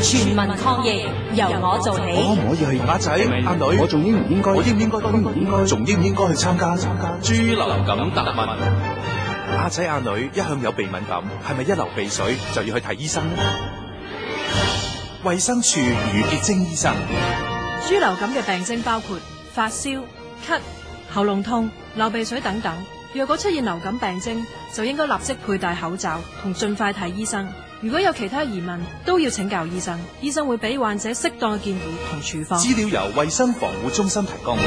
全民抗疫，由我做起。可唔可以去？阿仔、阿女？我仲應唔應該？我應唔應該？應唔應該？仲應唔應該去參加豬流感答問？問阿仔、阿女一向有鼻敏感，係咪一流鼻水就要去睇醫生呢？衛生署余潔貞醫生，豬流感嘅病症包括發燒、咳、喉嚨痛、流鼻水等等。若果出現流感病徵，就應該立即佩戴口罩同盡快睇醫生。如果有其他疑問，都要請教醫生。醫生會俾患者適當嘅建議同處方。資料由衛生防護中心提供。